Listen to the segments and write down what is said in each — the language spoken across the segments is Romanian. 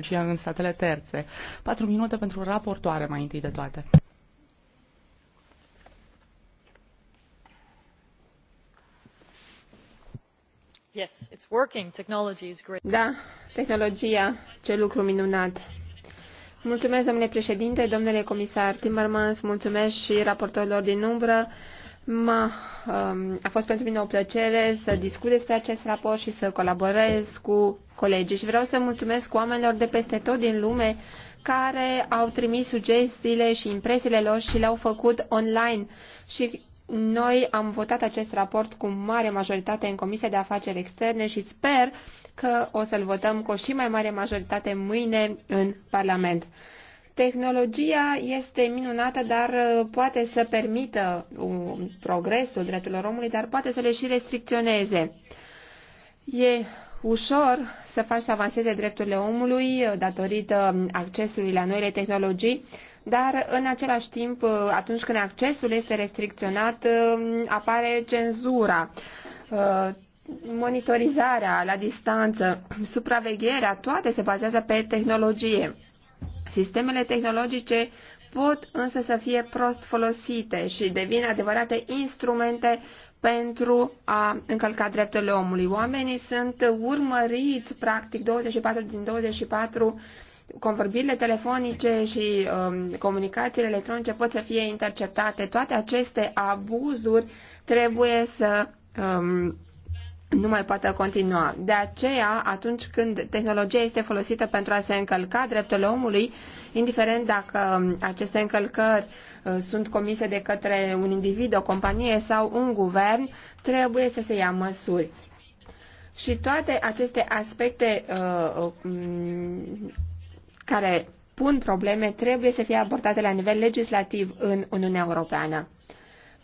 tehnologia în statele terțe. Patru minute pentru raportoare mai întâi de toate. Yes, it's working. Technology is great. Da, tehnologia, ce lucru minunat. Mulțumesc, domnule președinte, domnule comisar Timmermans, mulțumesc și raportorilor din umbră Ma, um, a fost pentru mine o plăcere să discut despre acest raport și să colaborez cu colegii și vreau să mulțumesc oamenilor de peste tot din lume care au trimis sugestiile și impresiile lor și le-au făcut online și noi am votat acest raport cu mare majoritate în Comisia de Afaceri Externe și sper că o să-l votăm cu o și mai mare majoritate mâine în Parlament. Tehnologia este minunată, dar uh, poate să permită uh, progresul drepturilor omului, dar poate să le și restricționeze. E ușor să faci să avanseze drepturile omului uh, datorită um, accesului la noile tehnologii, dar în același timp, atunci când accesul este restricționat, apare cenzura, monitorizarea la distanță, supravegherea, toate se bazează pe tehnologie. Sistemele tehnologice pot însă să fie prost folosite și devin adevărate instrumente pentru a încălca drepturile omului. Oamenii sunt urmăriți, practic, 24 din 24 convorbirile telefonice și um, comunicațiile electronice pot să fie interceptate. Toate aceste abuzuri trebuie să um, nu mai poate continua. De aceea, atunci când tehnologia este folosită pentru a se încălca drepturile omului, indiferent dacă um, aceste încălcări uh, sunt comise de către un individ, o companie sau un guvern, trebuie să se ia măsuri. Și toate aceste aspecte uh, um, care pun probleme trebuie să fie abordate la nivel legislativ în Uniunea Europeană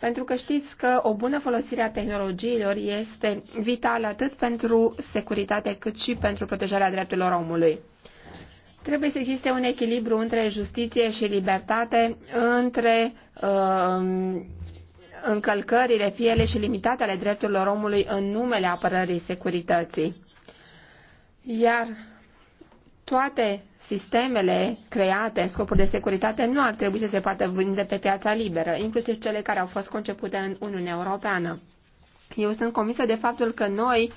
pentru că știți că o bună folosire a tehnologiilor este vitală atât pentru securitate cât și pentru protejarea drepturilor omului. Trebuie să existe un echilibru între justiție și libertate, între uh, încălcările fiele și limitate ale drepturilor omului în numele apărării securității. Iar toate sistemele create în scopuri de securitate nu ar trebui să se poată vinde pe piața liberă, inclusiv cele care au fost concepute în Uniunea Europeană. Eu sunt convinsă de faptul că noi,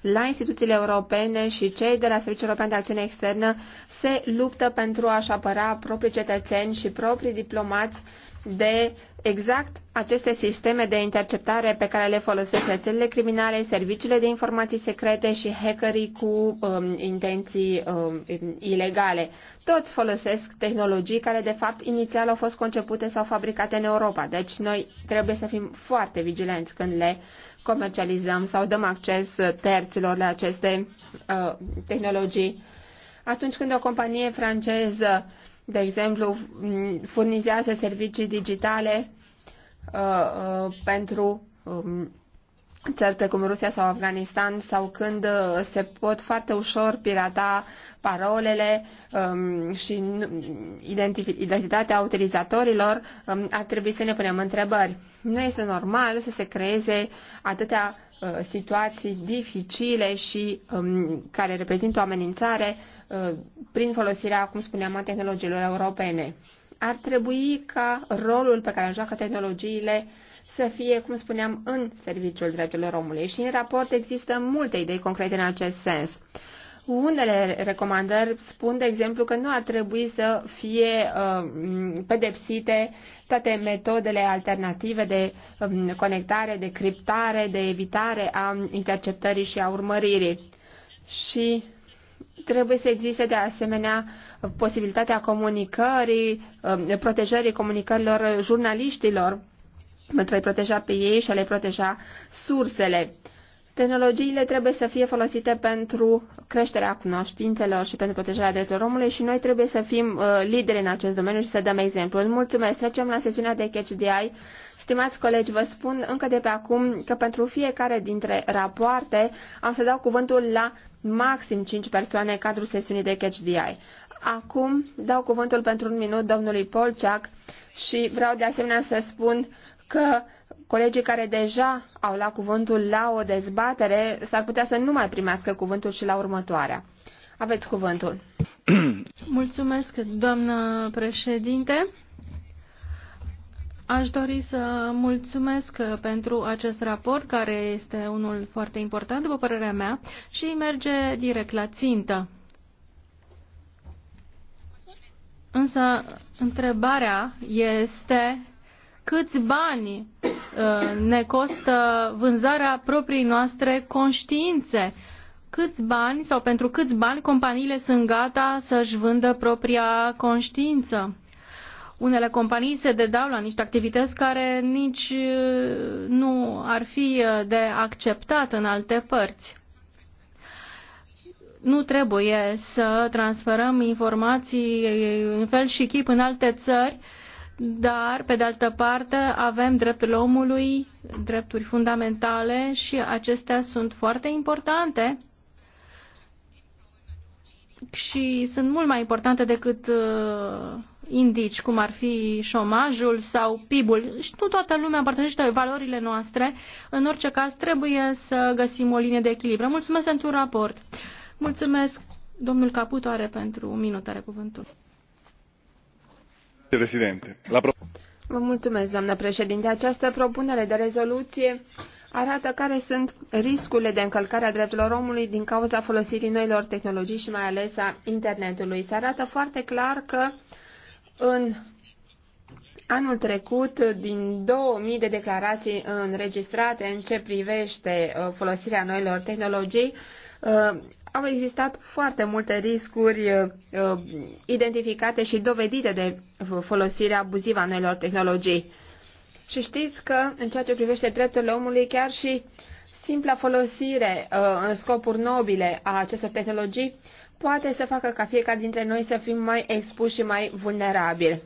la instituțiile europene și cei de la Serviciul European de Acțiune Externă, se luptă pentru a-și apăra proprii cetățeni și proprii diplomați de exact aceste sisteme de interceptare pe care le folosesc rețelele criminale, serviciile de informații secrete și hackerii cu um, intenții um, ilegale. Toți folosesc tehnologii care de fapt inițial au fost concepute sau fabricate în Europa, deci noi trebuie să fim foarte vigilenți când le comercializăm sau dăm acces terților la aceste uh, tehnologii. Atunci când o companie franceză uh, de exemplu, furnizează servicii digitale uh, uh, pentru um, țări precum Rusia sau Afganistan sau când uh, se pot foarte ușor pirata parolele um, și identitatea utilizatorilor, um, ar trebui să ne punem întrebări. Nu este normal să se creeze atâtea uh, situații dificile și um, care reprezintă o amenințare uh, prin folosirea, cum spuneam, a tehnologiilor europene. Ar trebui ca rolul pe care îl joacă tehnologiile uh, să fie, cum spuneam, în serviciul drepturilor omului și în raport există multe idei concrete în acest sens. Unele recomandări spun, de exemplu, că nu ar trebui să fie uh, pedepsite toate metodele alternative de um, conectare, de criptare, de evitare a interceptării și a urmăririi. Și trebuie să existe de asemenea posibilitatea comunicării, um, protejării comunicărilor jurnaliștilor pentru a-i proteja pe ei și a le proteja sursele. Tehnologiile trebuie să fie folosite pentru creșterea cunoștințelor și pentru protejarea drepturilor omului și noi trebuie să fim uh, lideri în acest domeniu și să dăm exemplu. Mulțumesc! Trecem la sesiunea de catch the eye. Stimați colegi, vă spun încă de pe acum că pentru fiecare dintre rapoarte am să dau cuvântul la maxim 5 persoane în cadrul sesiunii de catch the eye. Acum dau cuvântul pentru un minut domnului Polceac și vreau de asemenea să spun că colegii care deja au luat cuvântul la o dezbatere s-ar putea să nu mai primească cuvântul și la următoarea. Aveți cuvântul. Mulțumesc, doamnă președinte. Aș dori să mulțumesc pentru acest raport, care este unul foarte important, după părerea mea, și merge direct la țintă. Însă, întrebarea este câți bani uh, ne costă vânzarea propriei noastre conștiințe, câți bani sau pentru câți bani companiile sunt gata să-și vândă propria conștiință. Unele companii se dedau la niște activități care nici uh, nu ar fi uh, de acceptat în alte părți nu trebuie să transferăm informații în fel și chip în alte țări dar, pe de altă parte, avem drepturile omului, drepturi fundamentale și acestea sunt foarte importante și sunt mult mai importante decât uh, indici, cum ar fi șomajul sau PIB-ul. Și nu toată lumea împărtășește valorile noastre. În orice caz, trebuie să găsim o linie de echilibru. Mulțumesc pentru raport. Mulțumesc. Domnul Caputoare are pentru un minut, are cuvântul doamnă președinte. Această propunere de rezoluție arată care sunt riscurile de încălcare a drepturilor omului din cauza folosirii noilor tehnologii și mai ales a internetului. Se arată foarte clar că în anul trecut, din 2000 de declarații înregistrate în ce privește uh, folosirea noilor tehnologii, uh, au existat foarte multe riscuri uh, uh, identificate și dovedite de folosirea abuzivă a noilor tehnologii. Și știți că, în ceea ce privește drepturile omului, chiar și simpla folosire uh, în scopuri nobile a acestor tehnologii poate să facă ca fiecare dintre noi să fim mai expuși și mai vulnerabili.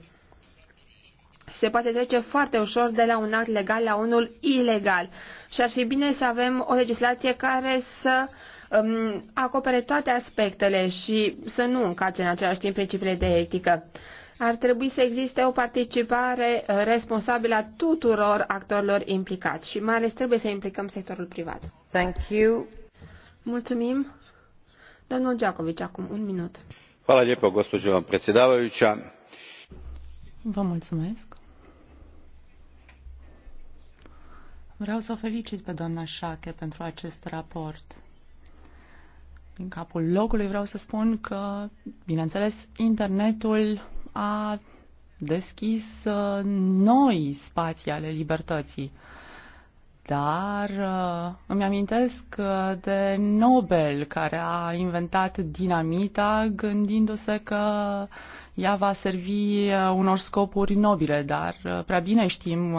Se poate trece foarte ușor de la un act legal la unul ilegal și ar fi bine să avem o legislație care să uh, um, acopere toate aspectele și să nu încace în același timp principiile de etică. Ar trebui să existe o participare uh, responsabilă a tuturor actorilor implicați și mai ales trebuie să implicăm sectorul privat. Thank you. Mulțumim. Domnul Giacovic, acum un minut. Hvala lijepo, gospođo predsjedavajuća. Vă mulțumesc. Vreau să o felicit pe doamna Șache pentru acest raport din capul locului vreau să spun că, bineînțeles, internetul a deschis uh, noi spații ale libertății. Dar uh, îmi amintesc uh, de Nobel care a inventat dinamita gândindu-se că ea va servi unor scopuri nobile, dar prea bine știm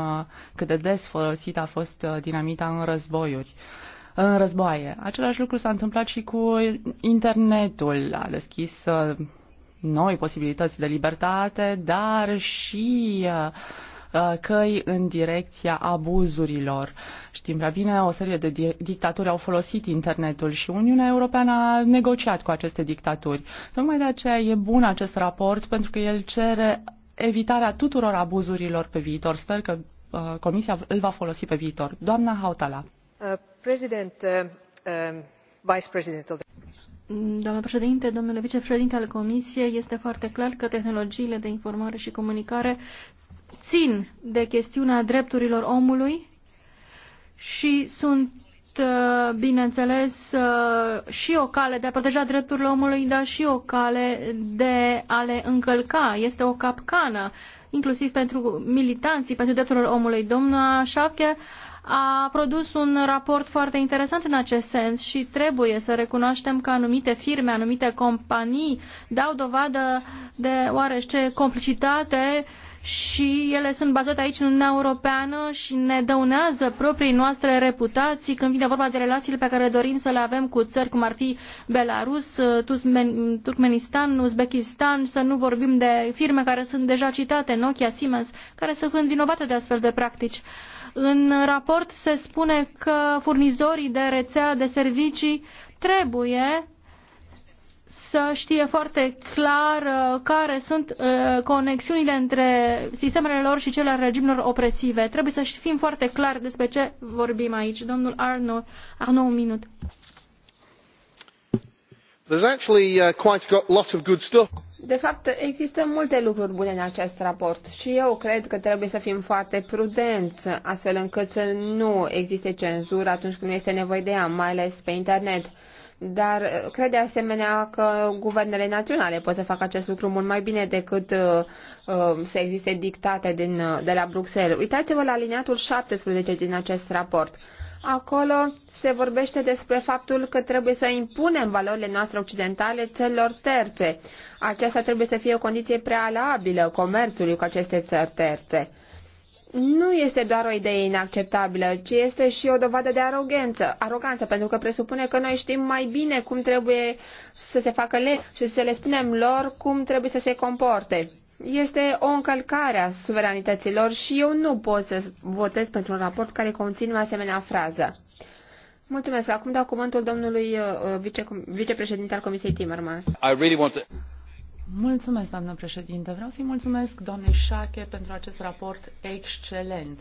cât de des folosită a fost dinamita în războiuri în războaie. Același lucru s-a întâmplat și cu internetul. A deschis uh, noi posibilități de libertate, dar și uh, uh, căi în direcția abuzurilor. Știm prea bine, o serie de dictaturi au folosit internetul și Uniunea Europeană a negociat cu aceste dictaturi. Tocmai de aceea e bun acest raport, pentru că el cere evitarea tuturor abuzurilor pe viitor. Sper că uh, Comisia îl va folosi pe viitor. Doamna Hautala. Uh Uh, um, doamnă președinte domnule vicepreședinte al comisiei este foarte clar că tehnologiile de informare și comunicare țin de chestiunea drepturilor omului și sunt uh, bineînțeles uh, și o cale de a proteja drepturile omului dar și o cale de a le încălca este o capcană inclusiv pentru militanții pentru drepturile omului. Doamna că a produs un raport foarte interesant în acest sens și trebuie să recunoaștem că anumite firme, anumite companii dau dovadă de oarece complicitate și ele sunt bazate aici în Uniunea Europeană și ne dăunează proprii noastre reputații când vine vorba de relațiile pe care dorim să le avem cu țări cum ar fi Belarus, Turkmenistan, Uzbekistan, să nu vorbim de firme care sunt deja citate, Nokia, Siemens, care sunt vinovate de astfel de practici. Uh, în raport se spune că furnizorii de rețea de servicii trebuie să știe foarte clar uh, care sunt uh, conexiunile între sistemele lor și cele ale regimurilor opresive. Trebuie să fim foarte clar despre ce vorbim aici. Domnul Arno, Arno un minut. Uh, de fapt există multe lucruri bune în acest raport și eu cred că trebuie să fim foarte prudenți astfel încât să nu existe cenzură atunci când este nevoie de ea, mai ales pe internet. Dar uh, cred de asemenea că guvernele naționale pot să facă acest lucru mult mai bine decât uh, uh să existe dictate din, de la Bruxelles. Uitați-vă la liniatul 17 din acest raport. Uh, Acolo se vorbește despre faptul că trebuie să impunem valorile noastre occidentale țărilor terțe. Aceasta trebuie să fie o condiție prealabilă comerțului cu aceste țări terțe. Nu este doar o idee inacceptabilă, ci este și o dovadă de aroganță, aroganță pentru că presupune că noi știm mai bine cum trebuie să se facă le și să le spunem lor cum trebuie să se comporte este o încălcare a suveranităților și eu nu pot să votez pentru un raport care conține o asemenea frază. Mulțumesc. Acum dau cuvântul domnului uh, uh, vice, vicepreședinte al Comisiei Timmermans. I really want to... Mulțumesc, doamnă președinte. Vreau să-i mulțumesc doamnei Șache pentru acest raport excelent.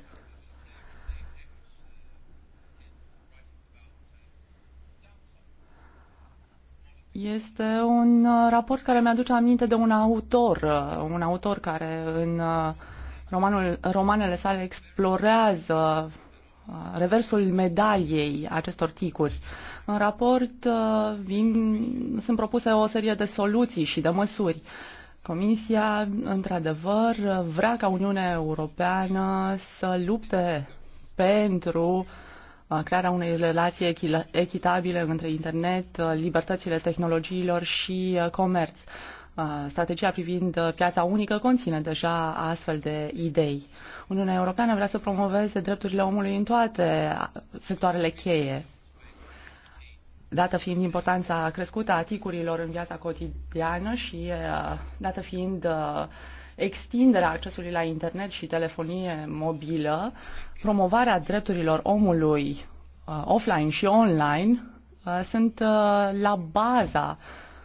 Este un uh, raport care mi-aduce aminte de un autor, uh, un autor care în uh, romanul, romanele sale explorează reversul medaliei acestor ticuri. În raport vin, sunt propuse o serie de soluții și de măsuri. Comisia, într-adevăr, vrea ca Uniunea Europeană să lupte pentru uh, crearea unei relații echitabile între internet, uh, libertățile tehnologiilor și uh, comerț. Uh, strategia privind piața unică conține deja astfel de idei. Uniunea Europeană vrea să promoveze drepturile omului în toate sectoarele cheie, dată fiind importanța crescută a ticurilor în viața cotidiană și dată fiind uh, extinderea accesului la internet și telefonie mobilă, promovarea drepturilor omului uh, offline și online uh, sunt uh, la baza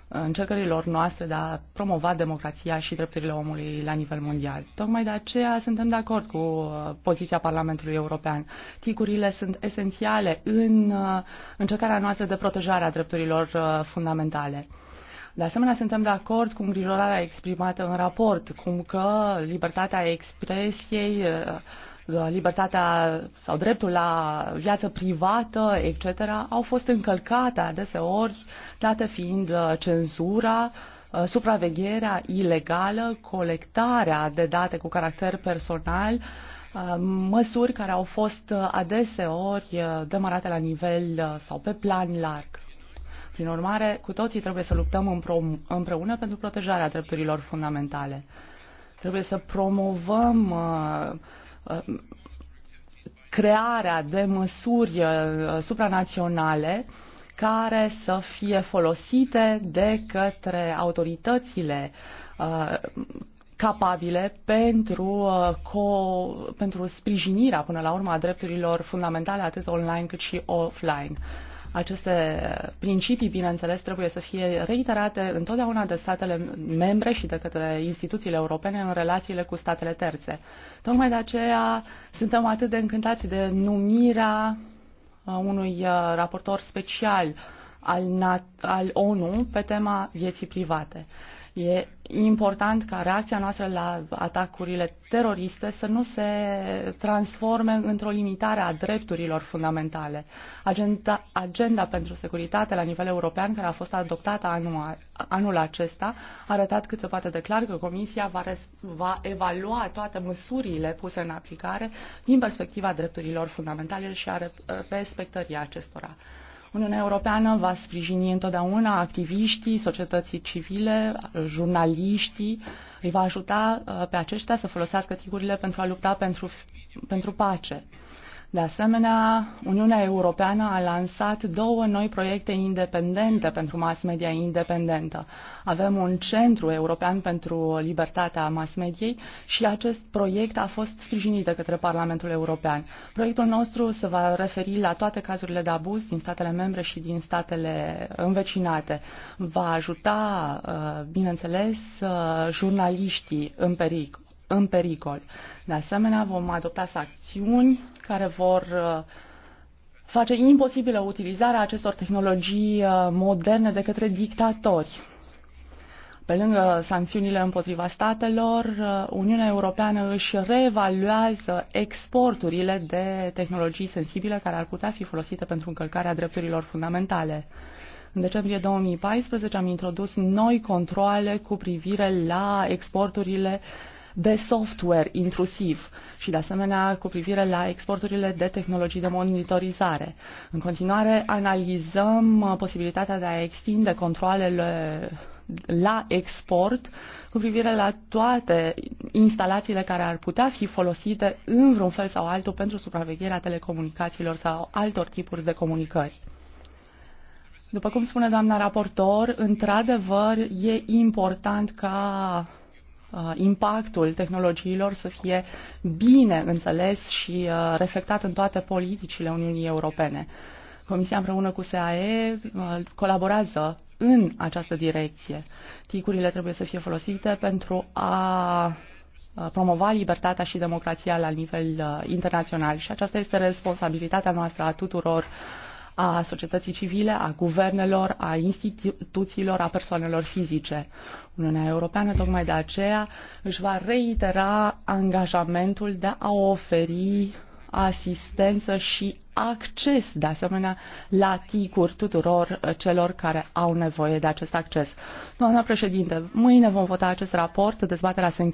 încercărilor noastre de a promova democrația și drepturile omului la nivel mondial. Tocmai de aceea suntem de acord cu poziția Parlamentului European. Ticurile sunt esențiale în încercarea noastră de protejare a drepturilor fundamentale. De asemenea, suntem de acord cu îngrijorarea exprimată în raport, cum că libertatea expresiei, uh, libertatea sau dreptul la viață privată, etc., au fost încălcate adeseori, date fiind uh, cenzura, uh, supravegherea ilegală, colectarea de date cu caracter personal, măsuri care au fost adeseori demarate la nivel sau pe plan larg. Prin urmare, cu toții trebuie să luptăm împreună pentru protejarea drepturilor fundamentale. Trebuie să promovăm uh, uh, crearea de măsuri uh, supranaționale care să fie folosite de către autoritățile capabile pentru, co- pentru sprijinirea, până la urmă, a drepturilor fundamentale, atât online cât și offline. Aceste principii, bineînțeles, trebuie să fie reiterate întotdeauna de statele membre și de către instituțiile europene în relațiile cu statele terțe. Tocmai de aceea suntem atât de încântați de numirea uh, unui uh, raportor special al, al ONU pe tema vieții private. E important ca reacția noastră la atacurile teroriste să nu se transforme într-o limitare a drepturilor fundamentale. Agenda, agenda pentru securitate la nivel european, care a fost adoptată anul, anul acesta, a arătat cât se poate de clar că Comisia va, res, va evalua toate măsurile puse în aplicare din perspectiva drepturilor fundamentale și a respectării acestora. Uniunea Europeană va sprijini întotdeauna activiștii, societății civile, jurnaliștii, îi va ajuta uh, pe aceștia să folosească tigurile pentru a lupta pentru, pentru pace. De asemenea, Uniunea Europeană a lansat două noi proiecte independente pentru mass media independentă. Avem un centru european pentru libertatea mass mediei și acest proiect a fost sprijinit de către Parlamentul European. Proiectul nostru se va referi la toate cazurile de abuz din statele membre și din statele învecinate. Va ajuta, uh, bineînțeles, uh, jurnaliștii în pericol în pericol. De asemenea, vom adopta sancțiuni care vor uh, face imposibilă utilizarea acestor tehnologii uh, moderne de către dictatori. Pe lângă sancțiunile împotriva statelor, uh, Uniunea Europeană își reevaluează exporturile de tehnologii sensibile care ar putea fi folosite pentru încălcarea drepturilor fundamentale. În decembrie 2014 am introdus noi controle cu privire la exporturile uh, de software intrusiv și, de asemenea, cu privire la exporturile de tehnologii de monitorizare. În continuare, analizăm uh, posibilitatea de a extinde controlele la export cu privire la toate instalațiile care ar putea fi folosite în vreun fel sau altul pentru supravegherea telecomunicațiilor sau altor tipuri de comunicări. După cum spune doamna raportor, într-adevăr e important ca Uh, impactul tehnologiilor să fie bine înțeles și uh, reflectat în toate politicile Uniunii Europene. Comisia împreună cu SAE uh, colaborează în această direcție. Ticurile trebuie să fie folosite pentru a promova libertatea și democrația la nivel internațional și aceasta este responsabilitatea noastră a tuturor uh, a societății civile, a guvernelor, a instituțiilor, a persoanelor fizice. Uniunea Europeană tocmai de aceea își va reitera angajamentul de a oferi asistență și acces, de asemenea, la ticuri tuturor celor care au nevoie de acest acces. Doamna președinte, mâine vom vota acest raport, dezbaterea se